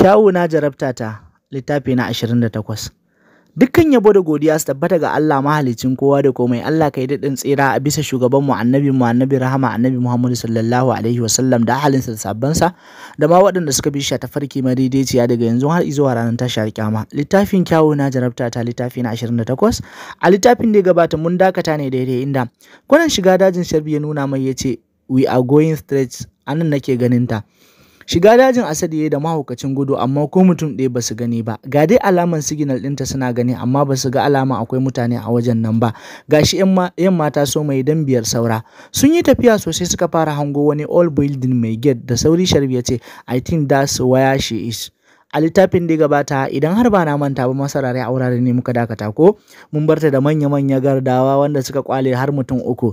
Kyawuna jarabtata littafi na 28 Dukkan yabo da godiya su tabbata ga Allah mahalicin kowa da komai Allah kai daɗin tsira a bisa shugaban mu annabi mu annabi rahama annabi Muhammadu sallallahu alaihi wasallam da ahalinsa da sabbansa da ma waɗanda suka bi shi ta farki madaidaiciya daga yanzu har zuwa ranar tashar kyama littafin kyawu na jarabta ta littafi na 28 a littafin da gabata mun dakata ne daidai inda kwanan shiga dajin sharbi ya nuna mai yace we are going straight anan nake ganin ta Shiga dajin Asad ya da mahaukacin gudu amma ko mutum ɗaya ba su gani ba. Ga dai alaman signal ɗinta suna gani amma ba su ga alama akwai mutane a wajen nan ba. Ga shi yan mata so mai dan biyar saura. Sun yi tafiya sosai suka fara hango wani all building mai gate da sauri sharbi ya ce I think that's where she is. a littafin da gabata idan har ba na manta ba masarare a wurare ne muka dakata ko mun barta da manya-manya gardawa wanda suka kwale har mutum uku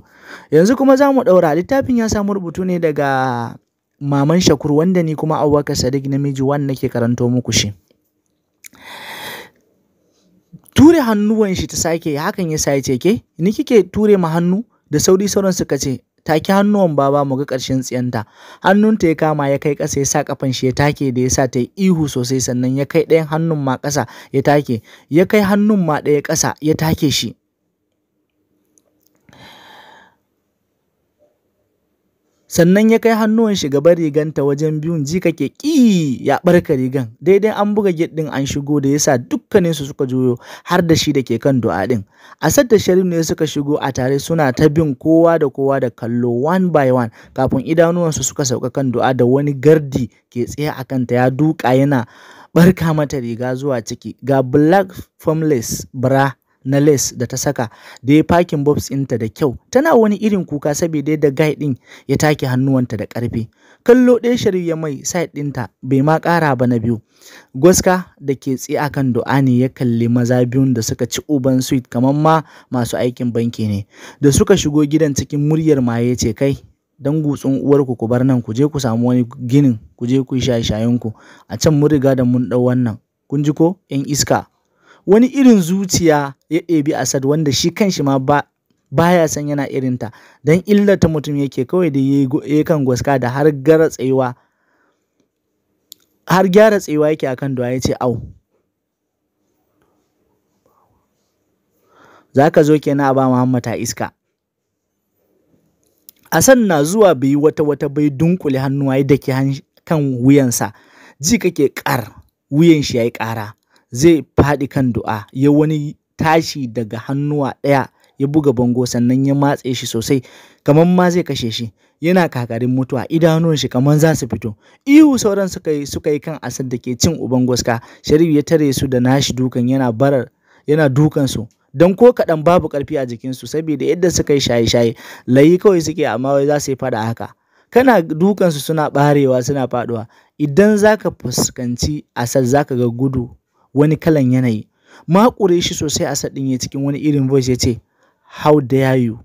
yanzu kuma za mu ɗaura littafin ya samu rubutu ne daga Maman Shakur wanda ni kuma Abubakar Sadiq namiji wanda nake karanto muku shi. Ture hannuwan shi ta sake hakan ya sa ce ke ni kike ture ma hannu da sauri sauran suka ce take hannuwan baba mu ga ƙarshen tsiyanta hannunta ya kama ya kai kasa ya sa kafan shi ya take da ya sa ta yi ihu sosai sannan ya kai ɗayan hannun ma kasa ya take ya kai hannun ma ɗaya kasa ya take shi sannan ya kai hannuwan shi gaba riganta wajen biyun jika ke ƙi ya ɓarka rigan daidai an buga gate an shigo da yasa dukkanin su suka juyo har da shi da ke kan du'a din asad da sharif ne suka shigo a tare suna ta bin kowa da kowa da kallo one by one kafin idanuwansu suka sauka kan du'a da wani gardi ke tsaye a kanta ya duka yana barka mata riga zuwa ciki ga black formless bra na lace da ta saka da ya fakin bobs ɗinta da kyau tana wani irin kuka saboda da guy ɗin ya take hannuwanta da ƙarfi kallo ɗaya shari'a mai side ɗinta bai ma ƙara ba na biyu goska da ke tsi akan ne ya kalli maza biyun da suka ci uban sweet kamar ma masu aikin banki ne da suka shigo gidan cikin muryar maye ce kai dan gutsun uwarku ku bar nan ku je ku samu wani ginin ku je ku yi shaye-shayenku a can mun riga da mun ɗau wannan kun ji ko 'yan iska wani irin zuciya ya ɗebi Asad wanda shi kanshi ma ba baya san yana irin ta, don illata mutum yake kawai da ya kan gwaska da har gara tsayuwa har gyara tsayuwa yake akan doya ya ce au za ka zo kenan a ba Muhammad a iska Asan na zuwa bai wata wata bai dunkule hannuwa ya dake kan wuyansa ji kake kar wuyan shi ya yi kara zai faɗi kan du'a ya wani tashi daga hannuwa ɗaya ya buga bango sannan ya matse shi sosai kamar ma zai kashe shi yana kakarin mutuwa idanun shi kamar za su fito ihu sauran suka yi suka yi kan asad da ke cin uban goska sharif ya tare su da nashi dukan yana barar yana dukan su don ko kaɗan babu karfi a jikin su saboda yadda suka yi shaye-shaye layi kawai suke amma wai za su yi fada haka kana dukansu suna barewa suna faduwa idan zaka fuskanci asad zaka ga gudu wani kalan yanayi makure shi sosai a saɗin ya cikin wani irin voice ya ce how dare you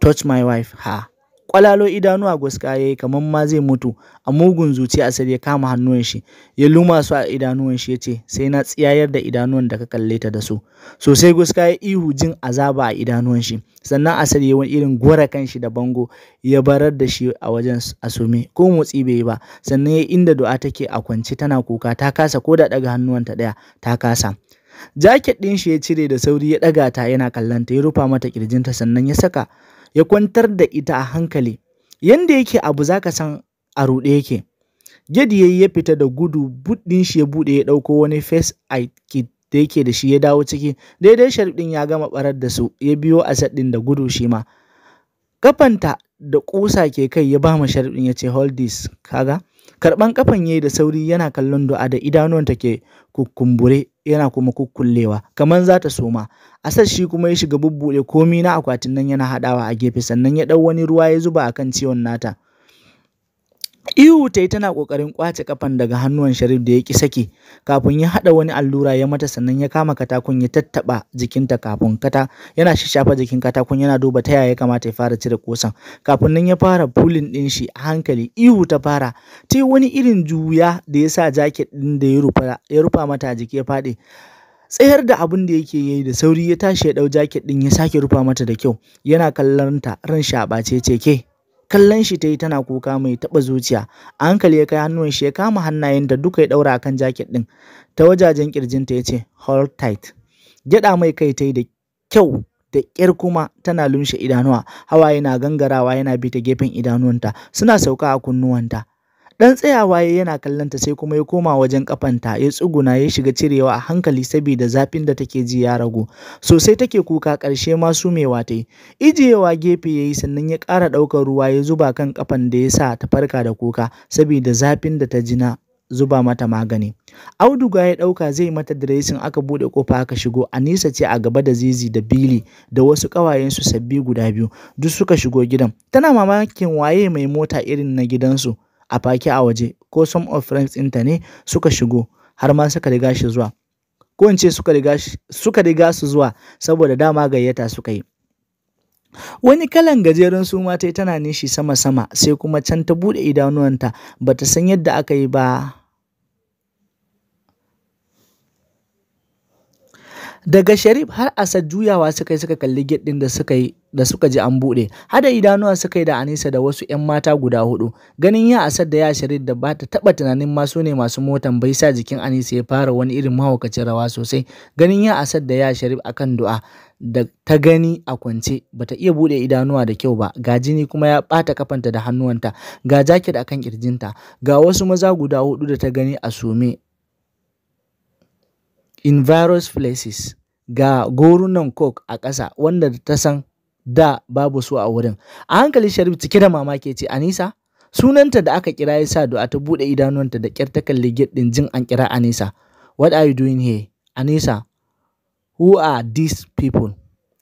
touch my wife ha Kwalalo idanuwa a ya yi kamar ma zai mutu, a mugun zuci Asabe ya kama hannuwan shi, ya luma su a idanuwan shi ya ce, sai na tsiyayar da idanuwan da ka kalle ta da su. Sosai gwaska ya ihu jin azaba a idanuwan shi, sannan a ya wani irin gora kan shi da bango ya barar da shi a wajen asume, ko motsi bai yi ba, sannan ya inda du'a take a kwance tana kuka ta kasa ko da hannuwan ta daya ta kasa. Jaket ɗin shi ya cire da sauri ya ɗaga ta yana kallonta ya rufa mata kirjinta sannan ya saka ya kwantar da ita a hankali yanda yake abu zaka san a ruɗe yake gedi yayi ya fita da gudu buɗin shi ya buɗe ya ɗauko wani face kit da yake da shi ya dawo ciki daidai sharif ya gama ɓarar da su ya biyo a ɗin da gudu shi ma kafanta da ƙusa ke kai ya ba ma sharif ya ce hold this kaga karɓan kafan yayi da sauri yana kallon do'a da idanuwanta ke kukumbure yana kuma kukkullewa kamar za ta soma asad shi kuma ya shiga bubbuɗe komi na akwatin nan yana haɗawa a gefe sannan ya ɗau wani ruwa ya zuba akan ciwon nata Ihu ta yi tana ƙoƙarin ƙwace kafan daga hannuwan Sharif da ya ƙi saki kafin ya haɗa wani allura ya mata sannan ya kama katakon ya tattaɓa jikinta kafin kata yana shishafa jikin katakon yana duba ta yaya ya kamata ya fara cire kosan kafin nan ya fara pulin ɗin shi a hankali ihu ta fara ta wani irin juya da ya sa jaket ɗin da ya rufa ya rufa mata jiki ya faɗi tsayar da abin da yake yi da sauri ya tashi ya ɗau jaket ɗin ya sake rufa mata da kyau yana kallon ta ran shaɓace ce ke kallon shi ta yi tana kuka mai taɓa zuciya a hankali ya kai hannuwan shi ya kama hannayen da duka ya ɗaura akan jaket ɗin ta wajajen ƙirjinta ya ce hold tight gyaɗa mai kai ta yi da kyau da ƙyar kuma tana lumshe idanuwa hawa yana gangarawa yana bi ta gefen idanuwanta suna sauka a kunnuwanta Dan tsayawa ya yana kallon ta sai kuma ya koma wajen kafanta ya tsuguna ya shiga cirewa a hankali saboda zafin da take ji ya ragu. Sosai take kuka ƙarshe ma sumewa ta yi. Ijiyewa gefe yayi sannan ya ƙara ɗaukar ruwa ya zuba kan kafan da ya sa ta farka da kuka saboda zafin da ta ji zuba mata magani. Auduga ya ɗauka zai mata diresin aka buɗe kofa aka shigo, Anisa ce a gaba da Zizi da Bili da wasu ƙawayensu sabbi guda biyu, duk suka shigo gidan. Tana mamakin waye mai mota irin na gidansu. a fake a waje ko some of friends ɗinta ne suka shigo har ma suka riga shi zuwa ko in ce suka riga su zuwa saboda dama gayyata suka yi wani kalan gajeren suma tai tana nishi sama sama sai kuma can ta bude idanuwanta bata san yadda aka yi ba daga sharif har asad juyawa suka yi suka kalli gate din da suka yi da suka ji an buɗe hada idanuwa suka yi da anisa da wasu 'yan mata guda hudu ganin ya asad da ya sharif da ba ta taba tunanin ma su ne masu motan bai sa jikin anisa ya fara wani irin mahaukacin rawa sosai ganin ya asad da ya sharif akan du'a da ta gani a kwance bata iya buɗe idanuwa da kyau ba ga jini kuma ya ɓata kafanta da hannuwanta ga jaket akan kirjinta ga wasu maza guda hudu da ta gani a sume in various places ga gorunan coke a ƙasa wanda ta san da babu su a wurin a hankali sharif cike da mamaki ce anisa sunanta da aka kira yasa sa a ta bude idanuwanta da kyar ta kalli din jin an kira anisa what are you doing here anisa who are these people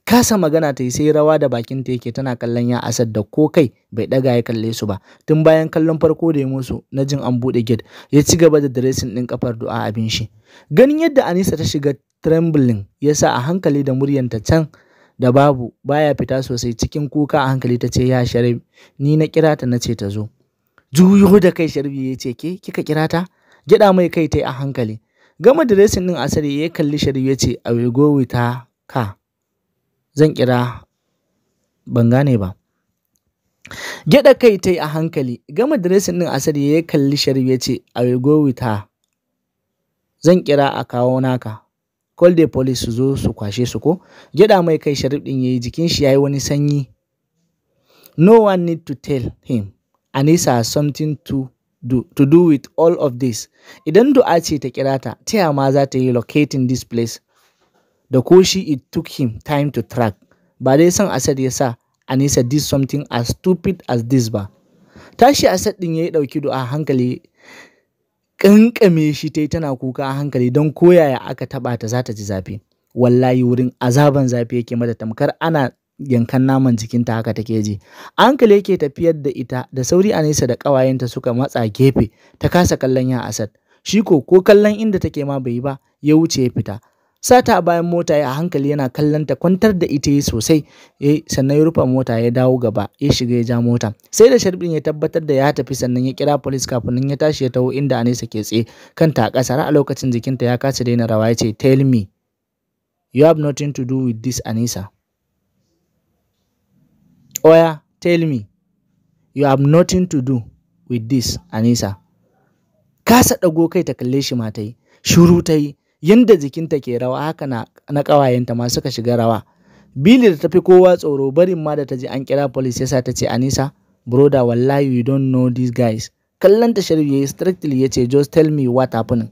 kasa magana ta yi sai rawa da bakin ta yake tana kallon ya asad da ko kai bai daga ya kalle su ba tun bayan kallon farko da ya musu na jin an buɗe gate ya ci gaba da dressing din kafar du'a abin shi ganin yadda anisa ta shiga trembling ya sa a hankali da muryanta can da babu baya fita sosai cikin kuka a hankali ta ce ya sharif ni na kira ta na ce ta zo juyo da kai sharbi ya ce ke kika kira ta Gida mai kai ta a hankali gama dressing din asali ya kalli sharif ya ce a will go with ka zan kira ban gane ba Gyaɗa kai ta yi a hankali, gama diresin ɗin asali ya kalli Sharif ya ce, I will go with her. Zan kira a kawo naka. Call the police su zo su kwashe su ko? Gyaɗa mai kai Sharif ɗin ya yi jikin shi ya yi wani sanyi. No one need to tell him. Anisa has something to do, to do with all of this. Idan du'a ce ta kira ta, taya ma za ta yi locating this place. da ko shi it took him time to track. Ba dai son Asad ya sa Anisa did something as stupid as this ba. Tashi Asad ɗin ya yi ɗauki du'a hankali ƙanƙame shi ta tana kuka a hankali don koyaya aka taba ta za ta ji zafi. Wallahi wurin azaban zafi yake mata tamkar ana yankan naman jikinta haka take ji. Hankali yake tafiyar da ita da sauri a nesa da ƙawayenta suka matsa gefe ta kasa kallon ya Asad. Shi ko ko kallon inda take ma bai yi ba ya wuce ya fita. sata a bayan mota ya hankali yana kallon ta kwantar da ita yi sosai eh sannan ya rufe mota ya dawo gaba ya shiga ya ja mota sai da sharbin ya tabbatar da ya tafi sannan ya kira police kafin nan ya tashi ya taho inda Anisa ke tsaye kanta a ƙasa a lokacin jikinta ya kasa daina rawa ya ce tell me you have nothing to do with this Anisa oya tell me you have nothing to do with this Anisa kasa ɗago kai ta kalle shi ma ta yi shiru ta yi yanda jikinta ke rawa haka na, na ƙawayenta ma suka shiga rawa bili da tafi kowa tsoro barin ma da ta ji an kira police yasa ta ce anisa broda wallahi you don't know these guys kallon ta sharif yayi strictly yace just tell me what happening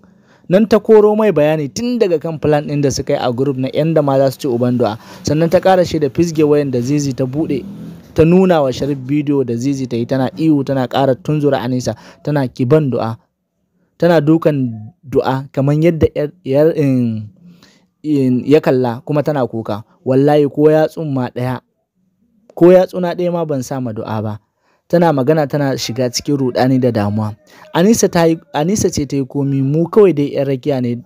nan ta koro mai bayani tun daga kan plan din da suka yi a group na yan da ma za su ci uban du'a sannan ta ƙara shi da fisge wayan da zizi ta bude ta nuna wa sharif bidiyo da zizi ta yi tana ihu tana ƙara tunzura anisa tana kiban du'a tana dukan du'a kamar yadda ya kalla kuma tana kuka wallahi ko ya ma ɗaya ko yatsuna ɗaya ma ban sa ma du'a ba tana magana tana shiga cikin rudani da damuwa anisa ce ta yi komi mu kawai dai yan rakiya ne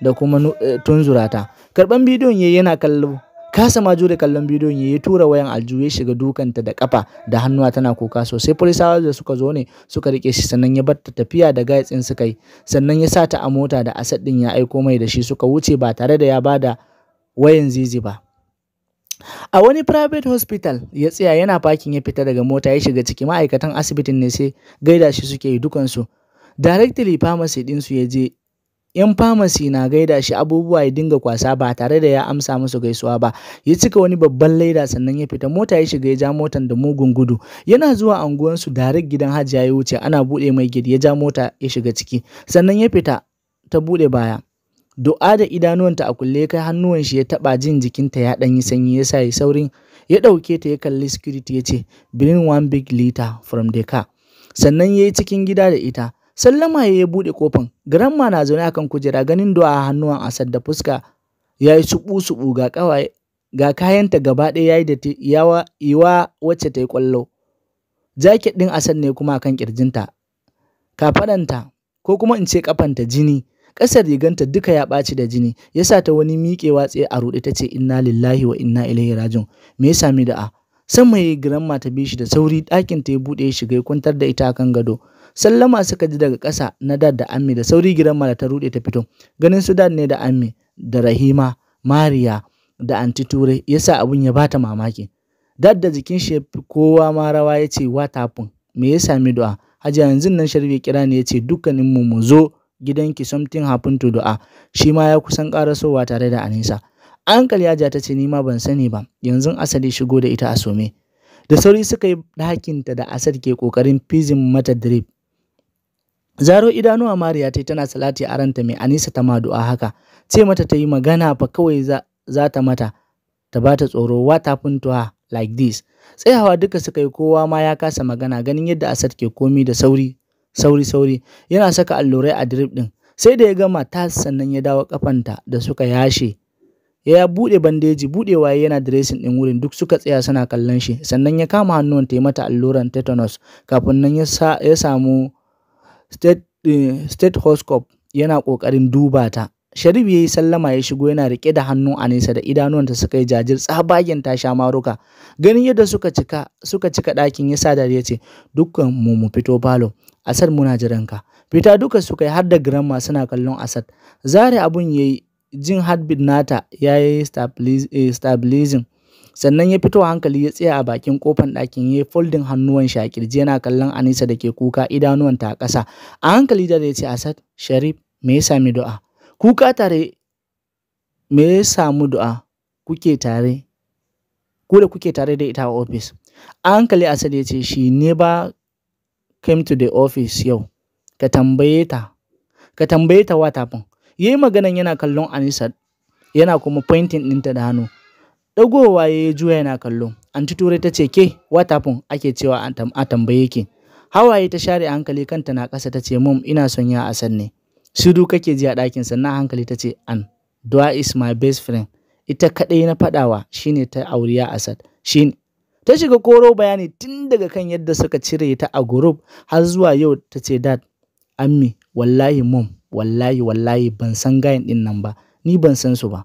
da kuma eh, tunzurata karban bidiyon yayi yana kallo kasa ma jure kallon bidiyon ya yi tura wayan alju ya shiga dukanta da kafa da hannuwa tana kuka sosai polisawa da suka zo ne suka rike shi sannan ya bar ta tafiya da guys din suka yi sannan ya sa ta a mota da asad din ya aiko mai da shi suka wuce ba tare da ya bada wayan zizi ba A wani private hospital ya tsaya yana fakin ya fita daga mota ya shiga ciki ma'aikatan asibitin ne sai gaida shi suke yi dukansu. Directly pharmacy su ya je 'yan famasi na gaida shi abubuwa ya dinga kwasa ba tare da ya amsa musu gaisuwa ba ya cika wani babban laida sannan ya fita mota ya shiga ya ja motan da mugun gudu yana zuwa anguwansu darik gidan hajiya ya wuce ana bude mai gidi ya ja mota ya shiga ciki sannan ya fita ta bude baya du'a da idanuwanta a kulle kai hannuwan shi ya taba jin jikinta ya yi sanyi ya sa ya saurin ya ɗauke ta ya kalli security ya ce bring one big liter from the car sannan ya yi cikin gida da ita sallama ya buɗe kofin gramma na zaune akan kujera ganin do'a a hannuwan asad da fuska ya yi suɓu suɓu ga ga kayanta gaba ɗaya ya yi da yawa iwa wacce ta yi ƙwallo jaket ɗin asad ne kuma akan ƙirjinta kafaɗanta ko kuma in ce ƙafanta jini ƙasar riganta duka ya ɓaci da jini ya sa ta wani miƙewa tsaye a ruɗe ta ce inna lillahi wa inna ilaihi rajiun me ya sami da'a san mai giran ta bi shi da sauri ɗakin ta ya buɗe ya shiga ya kwantar da ita akan gado sallama suka ji daga ƙasa na dad da ammi da sauri gidan mala ta ruɗe ta fito ganin su dad ne da ammi da rahima mariya da anti ture yasa abun ya bata mamaki dad da jikin shi kowa ma rawa yace ce what me ya sami du'a haji yanzu nan sharbi kira ne ya dukkanin mu mu zo gidanki something happen to du'a shi ma ya kusan karasowa tare da anisa ankal yaja ta ce nima ban sani ba yanzu asali shigo da ita a some da sauri suka yi ɗakinta da asad ke ƙoƙarin fizin mata drip Zaro idanuwa Mariya ta yi tana salati a ranta mai Anisa ta madu'a haka. Ce mata ta yi magana fa kawai za, ta mata ta ba ta tsoro what happened to her like this. Tsayawa duka suka yi kowa ma ya kasa magana ganin yadda Asad ke komi da sauri sauri sauri yana saka allurai a drip din. Sai da ya gama ta sannan ya dawo kafanta da suka yashe ya buɗe bandeji buɗewa yana dressing ɗin wurin duk suka tsaya suna kallon shi sannan ya kama hannuwan ta yi mata alluran tetanus kafin nan ya samu state, eh, state horoscope yana ƙoƙarin duba ta Sharif ya yi sallama ya shigo yana riƙe da hannu a nesa da idanuwanta suka yi jajir tsabagen ta sha maruka. Ganin yadda suka cika suka cika ɗakin ya sa ya ce dukkan mu mu fito falo. Asad muna jiran ka. Fita duka suka yi har da grandma suna kallon Asad. Zare abun yayi jin heartbeat nata ya yi eh, stabilizing sannan ya fito hankali ya tsaya a bakin kofan ɗakin ya yi foldin hannuwan shi a kirji yana kallon Anisa da ke kuka idanuwan ta a ƙasa a hankali da ya ce Asad Sharif me ya sami du'a kuka tare me ya samu du'a kuke tare ku da kuke tare da ita a ofis a hankali Asad ya ce shi ne ba came to the office yau ka tambaye ta ka tambaye ta watafin yayi maganan yana kallon Anisa yana kuma pointing ɗinta da hannu waye ya yi juya yana kallo anti turai ta ce ke fun ake cewa a tambaye ke hawaye ta share hankali kanta na ƙasa ta ce mum ina son ya a ne sudu kake ji a ɗakin sannan hankali ta ce an dua is my best friend ita kaɗai na faɗawa shine ta auriya asad shine ta shiga koro bayani tun daga kan yadda suka cire ta a group har zuwa yau ta ce dad ammi wallahi mum. wallahi wallahi ban san gayan din nan ba ni ban san su ba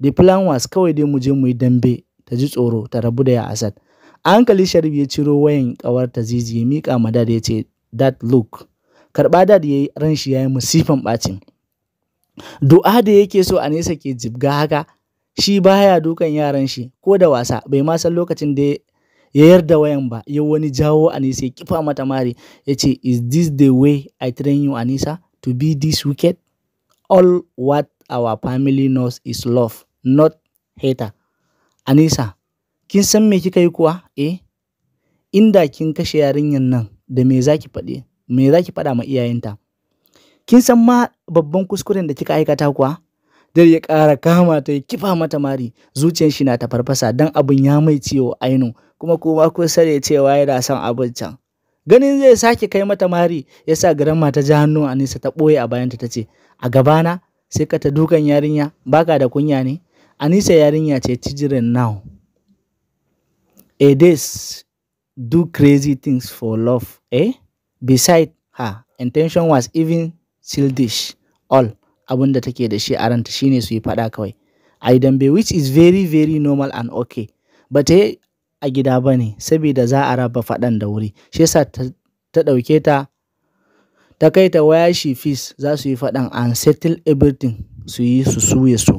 The plan was kawai dai mu je mu yi dambe ta ji tsoro ta rabu da ya Asad. A hankali Sharif ya ciro wayan ƙawarta Zizi ya miƙa ma dad ya ce, Dad look, karɓa dad ya yi ran shi ya yi musifan bacin Du'a da yake so a nesa ke jibga haka, shi baya dukan yaran shi ko da wasa bai ma san lokacin da ya yarda wayan ba ya wani jawo Anisa ya kifa mata mari ya ce is this the way I train you Anisa to be this wicked all what our family knows is love not hater Anisa, kin san me kika yi kuwa, eh? Inda kin kashe yarinyar nan da me za ki me zaki faɗa ma iyayenta? Kin san ma babban kuskuren da kika aikata kuwa? Dare ya kara kama ta kifa mata mari, zuciyar shi na tafarfasa farfasa don abin ya mai ciwo ainu, kuma kuma kun sare cewa yana son abin can. Ganin zai sake kai mata mari, ya sa garamma ta ja hannu Anisa ta ɓoye a bayanta ta ce, A gabana, sai ka ta dukan yarinya, baka da kunya ne? Anisa yarinya ce children now. A days do crazy things for love, eh? Beside her, intention was even childish. All abin da take da shi a ranta shine su yi faɗa kawai. A dambe which is very very normal and okay. Ba ta yi a gida ba ne, saboda za a raba faɗan da wuri. Shi yasa ta ɗauke ta ta kai ta waya shi fees za su yi faɗan and settle everything su yi su suye su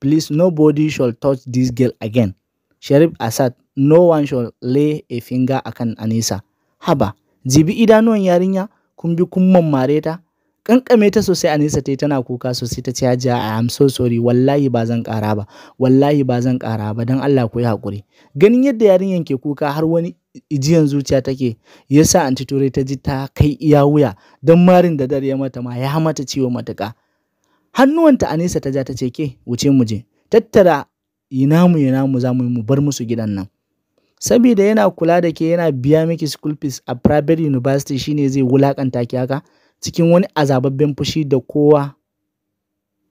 Please nobody shall touch this girl again. Sherif Assad No one shall lay a finger akan Anisa. Haba, jibi idanuwan yarinya, kun bi mareta, ta, kankame ta sosai Anisa ta tana kuka sosai ta ce hajiya I am so sorry wallahi ba zan kara ba wallahi ba zan ƙara ba dan Allah ku yi hakuri ganin yadda yarinyan ke kuka har wani ijiyan zuciya take yasa anti Ture ta ji ta kai iya wuya dan marin da dare mata ma ya mata ciwo matuka hannuwanta a ta ja ta ce ke wuce mu je tattara ina mu ina mu za mu yi mu bar musu gidan nan saboda yana kula da ke yana biya miki school fees a private university shine zai wulakanta ki haka cikin wani azababben fushi da kowa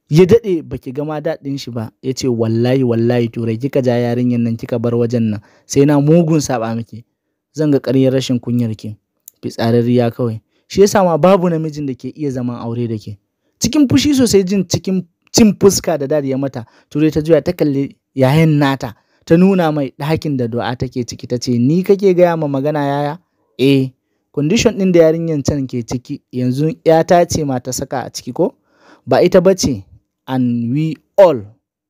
ya dade baki gama daɗin shi ba yace wallahi wallahi turai kika ja yarinyar nan kika bar wajen nan sai na mugun saba miki zan ga ƙaryar rashin kunyar ki fitsararriya kawai shi yasa ma babu namijin da ke iya zaman aure da ke cikin fushi sosai jin cikin cin fuska da dadi ya mata turai ta juya ta kalli yayan nata ta nuna mai ɗakin da do'a take ciki ta ce ni kake gaya ma magana yaya eh condition ɗin da yarinyar can ke ciki yanzu yata ce mata saka a ciki ko ba ita ba ce and we all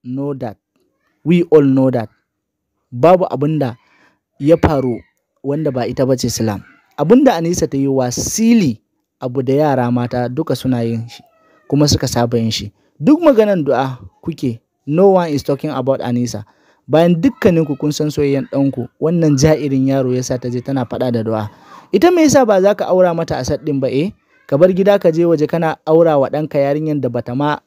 know that we all know that babu abin da ya faru wanda ba ita bace ce silam abin da anisa ta yi wasili abu da yara mata duka suna yin shi kuma suka saba yin shi duk maganan du'a kuke no one is talking about Anisa bayan dukkaninku kun san soyayyen ɗanku wannan ja'irin yaro yasa ta je tana faɗa da du'a ita me yasa ba za ka aura mata asad ɗin ba eh ka bar gida ka je waje kana aura wa ɗanka yarinyar da bata ma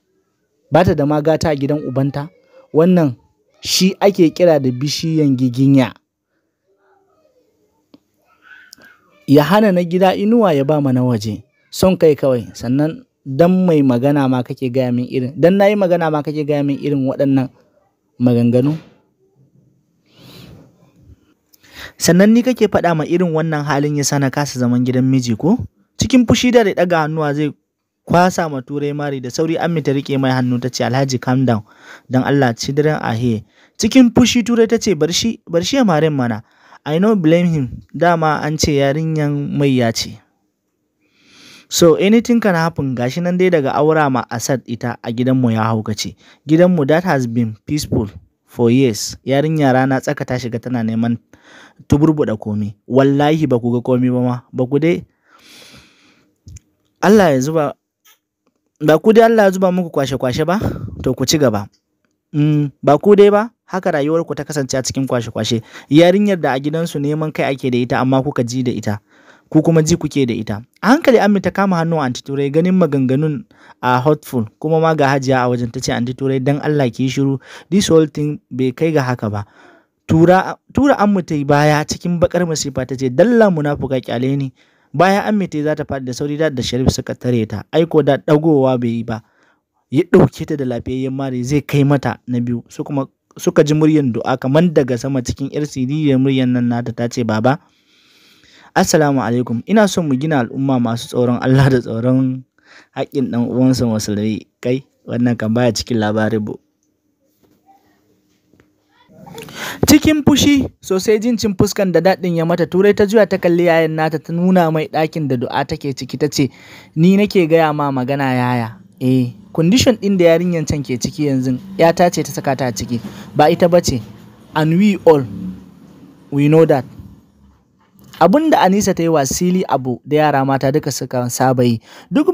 bata da ma gata a gidan ubanta wannan shi ake kira da bishiyan giginya ya hana na gida inuwa ya ba mana waje son kai kawai sannan dan mai magana ma kake gaya min irin dan nayi magana ma kake gaya min irin waɗannan maganganu sannan ni kake faɗa ma irin wannan halin ya sana kasa zaman gidan miji ko cikin fushi da ɗaga hannuwa zai kwasa ma turai mari da sauri ammi ta rike mai hannu ta ce alhaji calm down don allah children are cikin fushi turai ta ce bar shi ya mare mana i no blame him dama an ce yarinyan mai ya ce So anything can happen gashi nan dai daga aura ma Asad ita a gidanmu ya haukace. Gidanmu that has been peaceful for years. Yarinya rana tsaka ta shiga tana neman tuburbuɗa komi. Wallahi ba ku ga komi ba ma, ba ku dai Allah ya zuba ba ku dai Allah ya zuba muku kwashe-kwashe ba, to ku ci gaba. Mm, ba ku dai ba, haka rayuwarku ta kasance a cikin kwashe-kwashe. Yarinyar da a gidansu neman kai ake da ita amma kuka ji da ita. ku kuma ji kuke da ita a hankali ammi ta kama hannu anti turai ganin maganganun a hotful kuma ma ga hajiya a wajen ta ce anti turai dan Allah ki shiru this whole thing bai kai ga haka ba tura tura ammi ta baya cikin bakar masifa ta ce dalla munafuka kyale ni bayan ammi ta za ta faɗi da sauri da da sharif suka tare ta aiko da dagowa bai yi ba ya ɗauke ta da lafiyayyen mare zai kai mata na biyu su kuma suka ji muryar du'a kamar daga sama cikin yar ya muryan nan nata ta ce baba Assalamu alaikum, ina son mu gina al'umma masu tsoron Allah da tsoron haƙƙin ɗan uwansa musulmi kai wannan kan baya cikin labarin bu. Cikin fushi sosai jin cin fuskan da daɗin ya mata turai ta juya ta kalli yayan nata ta nuna mai ɗakin da du'a take ciki ta ce ni nake gaya ma magana yaya eh kondishon ɗin da yarinyar can ke ciki yanzu ya ta ce ta saka ta ciki ba ita ba ce and we all we know that abin da Anisa ta yi wasili abu da yara mata duka suka saba yi duk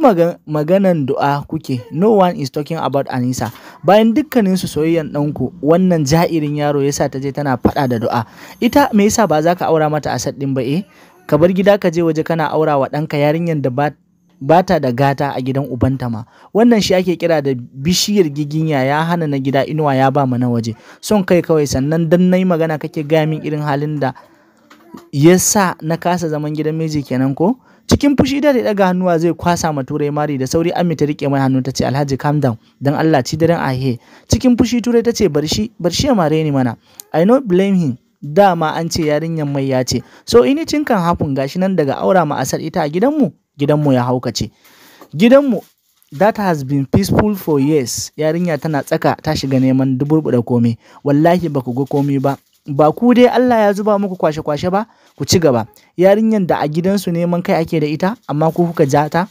maganan du'a kuke no one is talking about Anisa bayan dukkanin su soyayyan ɗanku wannan ja'irin yaro yasa ta je tana faɗa da du'a ita me yasa ba za ka aura mata a ɗin ba eh ka bar gida ka je waje kana aura wa ɗanka yarinyar da ba bata da gata a gidan ubanta ma wannan shi ake kira da bishiyar giginya ya hana na gida inuwa ya ba mu na waje son kai kawai sannan dan nayi magana kake gaya min irin halin da yasa na kasa zaman gidan miji kenan ko cikin fushi da daga hannuwa zai kwasa ma turai mari da sauri ami ta rike mai hannu ta ce alhaji calm down dan Allah ci daren ahe cikin fushi turai ta ce bar shi bar shi ya mare ni mana i no blame him dama an ce yarinyan mai ya ce so ini cin kan hafun gashi nan daga aura ma asar ita a gidanmu gidanmu ya haukace gidanmu that has been peaceful for years yarinya tana tsaka ta shiga neman duburbuɗa komai wallahi baku ga komai ba ba ku dai Allah ya zuba muku kwashe-kwashe ba ku ci gaba yarinyar da a gidansu neman kai ake da ita amma ku kuka ja ta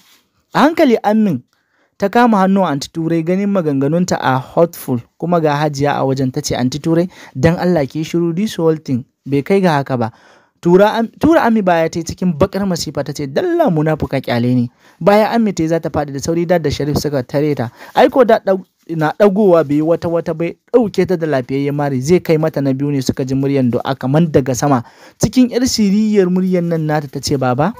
a hankali amin ta kama hannu a turai ganin maganganunta a hotful kuma ga hajiya a wajen ta ce anti turai don Allah ke shiru this whole bai kai ga haka ba tura, Amin ami baya ta yi cikin bakar masifa ta ce dalla munafuka kyale ne baya ami ta za ta faɗi da sauri da da sharif suka tare ta aiko da na ɗagowa bai yi wata wata bai ɗauke ta da lafiyayye mari zai kai mata na biyu ne suka ji muryan do'a kamar daga sama cikin yar siriyar muryan nan nata ta ce baba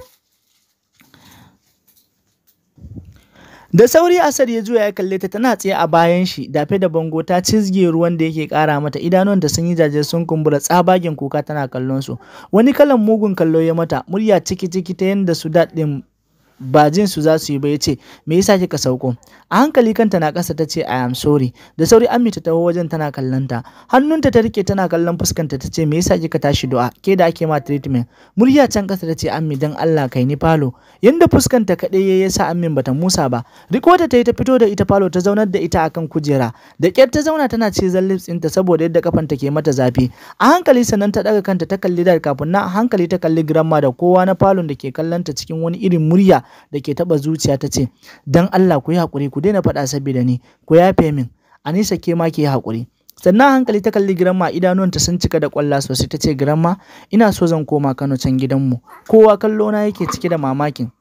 da sauri asar ya juya ya kalle ta tana tsaye a bayan shi dafe da bango ta cizge ruwan da yake kara mata idanun da sun yi jaje sun kumbura tsabagen kuka tana kallon su wani kalan mugun kallo ya mata murya ciki ciki ta yanda su daɗin ba jin su za su yi ba ya ce me yasa kika sauko a hankali kanta na ƙasa ta ce i am sorry da sauri ammi ta taho wajen tana kallon ta hannunta ta rike tana kallon fuskanta ta ce me yasa kika tashi du'a ke da ake ma treatment murya can ƙasa ta ce ammi dan Allah kai ni falo yanda fuskanta kaɗai ya yasa ammin bata musa ba riko ta ta fito da ita falo ta zaunar da ita akan kujera da ƙyar ta zauna tana ce lips ɗinta saboda yadda kafanta ke mata zafi a hankali sannan ta ɗaga kanta ta kalli da kafin na a hankali ta kalli grandma da kowa na falon da ke kallon ta cikin wani irin murya da ke taɓa zuciya ta ce, Don Allah ku yi haƙuri ku daina faɗa saboda ni, ku yafe min, Anisa ke ma ke yi haƙuri. Sannan hankali ta kalli giranma idanuwanta sun cika da ƙwalla sosai ta ce giranma ina so zan koma Kano can gidanmu. Kowa kallo na yake cike da mamakin.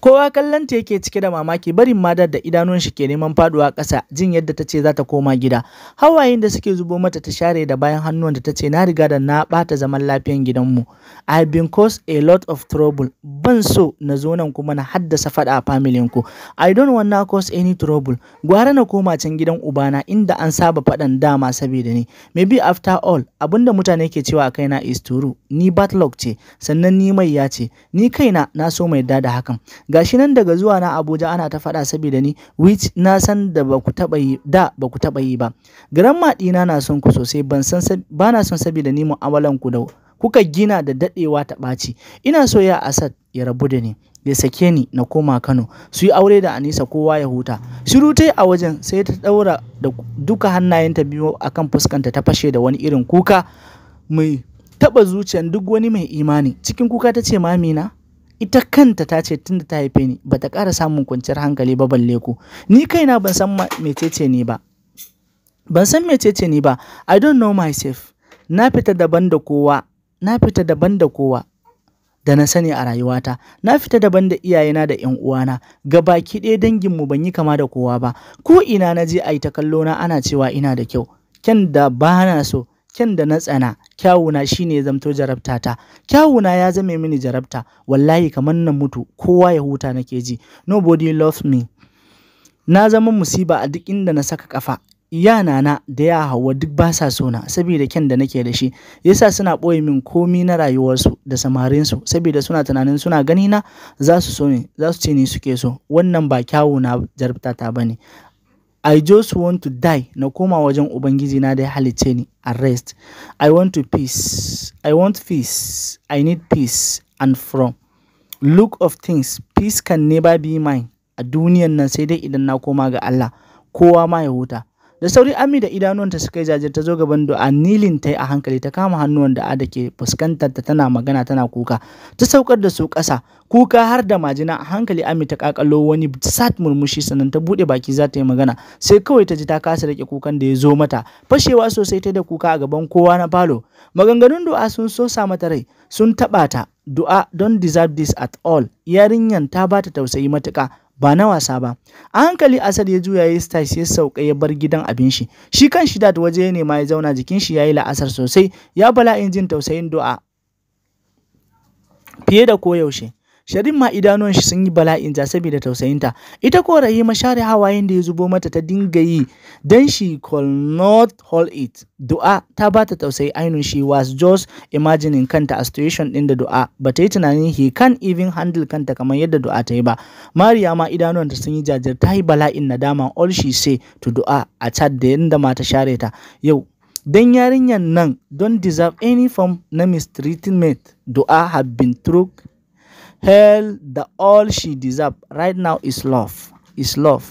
kowa kallon ta yake cike da mamaki barin madar da idanun shi ke neman faduwa ƙasa jin yadda ta ce za ta koma gida hawayen da suke zubo mata ta share da bayan hannuwan da ta ce na riga da na bata zaman lafiyan gidanmu i have been caused a lot of trouble ban so na zo nan kuma na haddasa faɗa a familin ku i don't want na cause any trouble gwara na koma can gidan ubana inda an saba faɗan dama saboda ni maybe after all abinda mutane ke cewa kaina is true ni bad luck ce sannan ni mai ya ce ni kaina na so mai da hakan gashi nan daga zuwa na Abuja ana ta faɗa saboda ni which na san da ba ku taɓa yi da ba ku taɓa yi ba grandma ɗina na son ku sosai ban san ba na son saboda ni mu'amalan ku da kuka gina da daɗewa ta ɓaci ina so ya Asad ya rabu da ni ya sake ni na koma Kano su yi aure da Anisa kowa ya huta shiru tai a wajen sai ta daura da duka hannayenta biyu akan fuskanta ta fashe da wani irin kuka mai taba zuciyan duk wani mai imani cikin kuka ta ce mamina ita kanta ta ce tunda ta haife ni bata ƙara samun kwanciyar hankali ba balle ku ni kaina ban san mecece ni ba ban san mecece ni ba i don't know myself na fita daban da kowa na fita daban da kowa da na sani a rayuwata na fita daban da iyayena da yan uwana ga baki ɗaya danginmu ban yi kama da kowa ba ko ina na je a yi ta kallona ana cewa ina da kyau kyan da ba so kyan da na tsana kyawuna shine ya zamto jarabtata kyawuna ya zame mini jarabta wallahi kamar na mutu kowa ya huta nake ji nobody loves me na zama musiba a duk inda na saka kafa yana na da ya hawa duk ba sa sona saboda kyan da nake da shi yasa suna ɓoye min komi na rayuwarsu da samarinsu saboda suna tunanin suna ganina za su so ne za su ce ni suke so wannan ba kyawuna jarabtata bane I just want to die na koma wajen Ubangiji na dai ya halicce ni arrest. I want to peace. I want peace. I need peace and from look of things peace can never be mine a duniyan nan sai dai idan na koma ga Allah kowa ma ya huta da sauri ami da idanuwanta suka yi jajir ta zo gaban do'a nilin ta yi a hankali ta kama hannuwan da da ke fuskantar ta tana magana tana kuka ta saukar da su ƙasa kuka har da majina a hankali ami ta kakalo wani sat murmushi sannan ta buɗe baki za ta yi magana sai kawai ta ji ta kasa rike kukan da ya zo mata fashewa sosai ta da kuka a gaban kowa na falo maganganun du'a sun sosa mata rai sun taɓa ta du'a don deserve this at all yarinyan ta ba ta tausayi matuƙa ba na wasa ba a hankali asad ya juya ya stash ya sauka ya bar gidan abin shi shi kan shi da waje ne ma ya zauna jikin shi yayi la'asar sosai ya bala injin tausayin do'a fiye da koyaushe Sharin ma idanuwan shi sun yi bala'in ja saboda tausayinta. Ita ko Rahima share hawayen da ya zubo mata ta dinga yi dan shi call not hold it. Du'a ta ba ta tausayi ainun shi was just imagining kanta a situation din da Du'a ba ta yi tunanin he can even handle kanta kamar yadda Du'a ta yi ba. Mariya ma idanuwan ta sun yi jajir ta yi bala'in nadama all she say to Du'a a chat da yadda ma ta share ta. Yau dan yarinyar nan don deserve any form na mistreatment du'a have been through Hell, the all she deserved right now is love. Is love.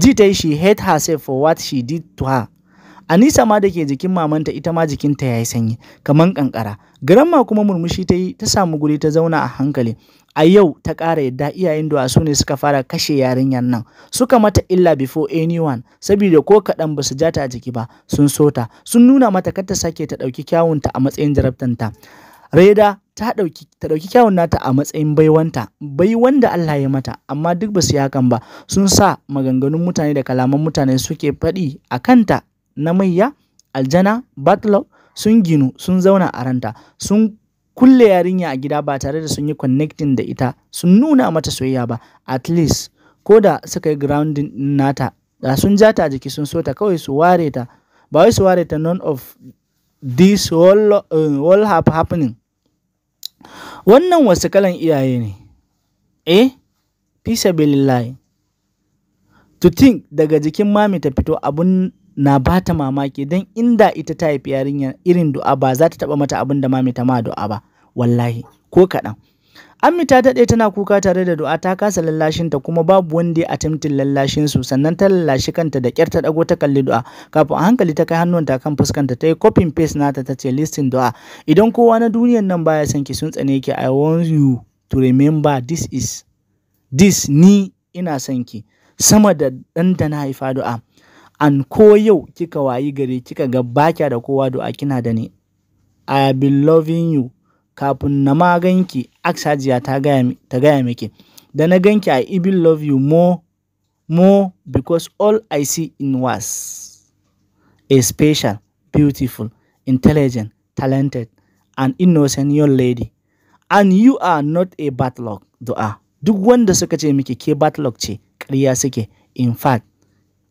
Jita she hate herself for what she did to her. Anisa ma da ke jikin mamanta ita ma jikinta ya yi sanyi, kamar kankara. Grandma kuma murmushi ta yi ta samu guri ta zauna a hankali. A yau ta kara yadda iyayen da su ne suka fara kashe yarinyar nan. Suka mata illa before anyone, saboda ko kaɗan ba su ja ta a jiki ba, sun sota sun nuna mata kar ta sake ta ɗauki kyawunta a matsayin jarabtanta. Reda ta ɗauki ta ɗauki kyawun nata a matsayin baiwanta baiwan da Allah ya mata amma duk ba su hakan ba sun sa maganganun mutane da kalaman mutane suke faɗi a kanta na mayya aljana batlo, sun ginu sun zauna a ranta sun kulle yarinya a gida ba tare da sun yi connecting da ita sun nuna mata soyayya ba at least ko da suka yi grounding nata da sun ja ta a jiki sun so ta kawai su ware ta ba wai su ware ta none of this whole, uh, whole happening wannan wasu kalan iyaye ne eh fisabilillahi to think daga jikin mami ta fito abun na ba ta mamaki don inda ita ta haifi yarinya irin du'a ba za ta taba mata abun da mami ta ma du'a ba wallahi ko kaɗan Amita ta daɗe tana kuka tare da du'a ta kasa lallashinta kuma babu wanda ya atamtin lallashin su sannan ta lallashi kanta da ƙyar ta dago ta kalli du'a kafin a hankali ta kai hannunta kan fuskanta ta yi copying paste nata ta ce listing du'a idan kowa na duniyan nan baya son ki sun tsane ki I want you to remember this is this ni ina son ki sama da ɗan da na haifa du'a an ko yau kika wayi gare kika ga bakya da kowa du'a kina da ni I have been loving you kafin na ma ganki aksajiya ta gaya miki da na ganki i even love you more more because all i see in was a special beautiful intelligent talented and innocent young lady and you are not a bad luck du'a duk wanda suka ce miki ke bad luck ce ƙarya suke in fact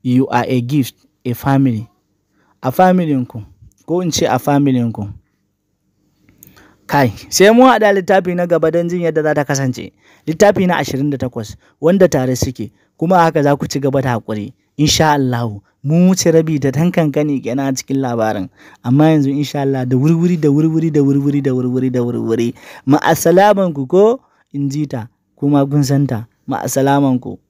you are a gift a family a familinku ko in ce a Kai, sai mu haɗa littafi na gaba don jin yadda za ta kasance. Littafi na 28 wanda tare suke, kuma haka za ku ci gaba da haƙuri. Insha mu mu wuce rabi da tankan kankani kenan a cikin labarin. Amma yanzu insha Allah da wurwuri da wurwuri da wurwuri da wurwuri da wurwuri. Ma'asalaman ko in ji ta, kuma kun santa. Ma'asalaman ku.